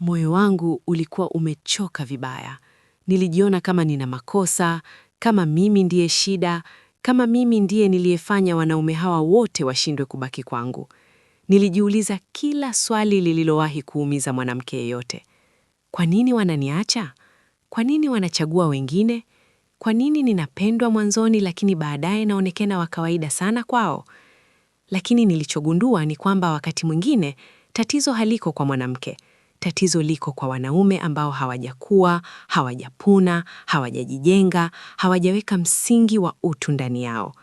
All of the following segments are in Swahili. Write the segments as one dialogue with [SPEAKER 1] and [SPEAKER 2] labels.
[SPEAKER 1] Moyo wangu ulikuwa umechoka vibaya. Nilijiona kama nina makosa, kama mimi ndiye shida, kama mimi ndiye niliyefanya wanaume hawa wote washindwe kubaki kwangu. Nilijiuliza kila swali lililowahi kuumiza mwanamke yeyote. Kwa nini wananiacha? Kwa nini wanachagua wengine? Kwa nini ninapendwa mwanzoni lakini baadaye naonekana wa kawaida sana kwao? Lakini nilichogundua ni kwamba wakati mwingine tatizo haliko kwa mwanamke, Tatizo liko kwa wanaume ambao hawajakuwa, hawajapuna, hawajajijenga, hawajaweka msingi wa utu ndani yao.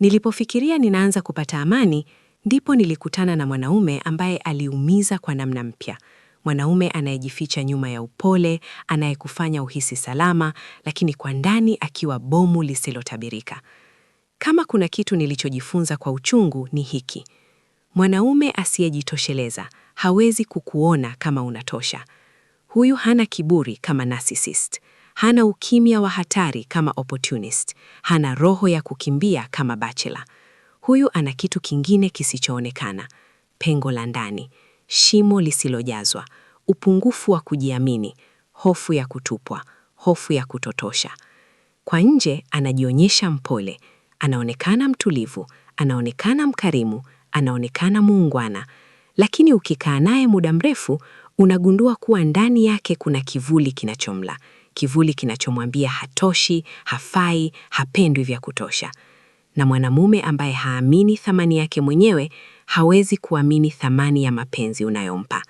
[SPEAKER 1] Nilipofikiria ninaanza kupata amani, ndipo nilikutana na mwanaume ambaye aliumiza kwa namna mpya. Mwanaume anayejificha nyuma ya upole, anayekufanya uhisi salama, lakini kwa ndani akiwa bomu lisilotabirika. Kama kuna kitu nilichojifunza kwa uchungu ni hiki: mwanaume asiyejitosheleza, hawezi kukuona kama unatosha. Huyu hana kiburi kama narcissist, hana ukimya wa hatari kama opportunist, hana roho ya kukimbia kama bachelor. Huyu ana kitu kingine kisichoonekana, pengo la ndani, shimo lisilojazwa, upungufu wa kujiamini, hofu ya kutupwa, hofu ya kutotosha. Kwa nje anajionyesha mpole, anaonekana mtulivu, anaonekana mkarimu, anaonekana muungwana lakini ukikaa naye muda mrefu unagundua kuwa ndani yake kuna kivuli kinachomla, kivuli kinachomwambia hatoshi, hafai, hapendwi vya kutosha. Na mwanamume ambaye haamini thamani yake mwenyewe hawezi kuamini thamani ya mapenzi unayompa.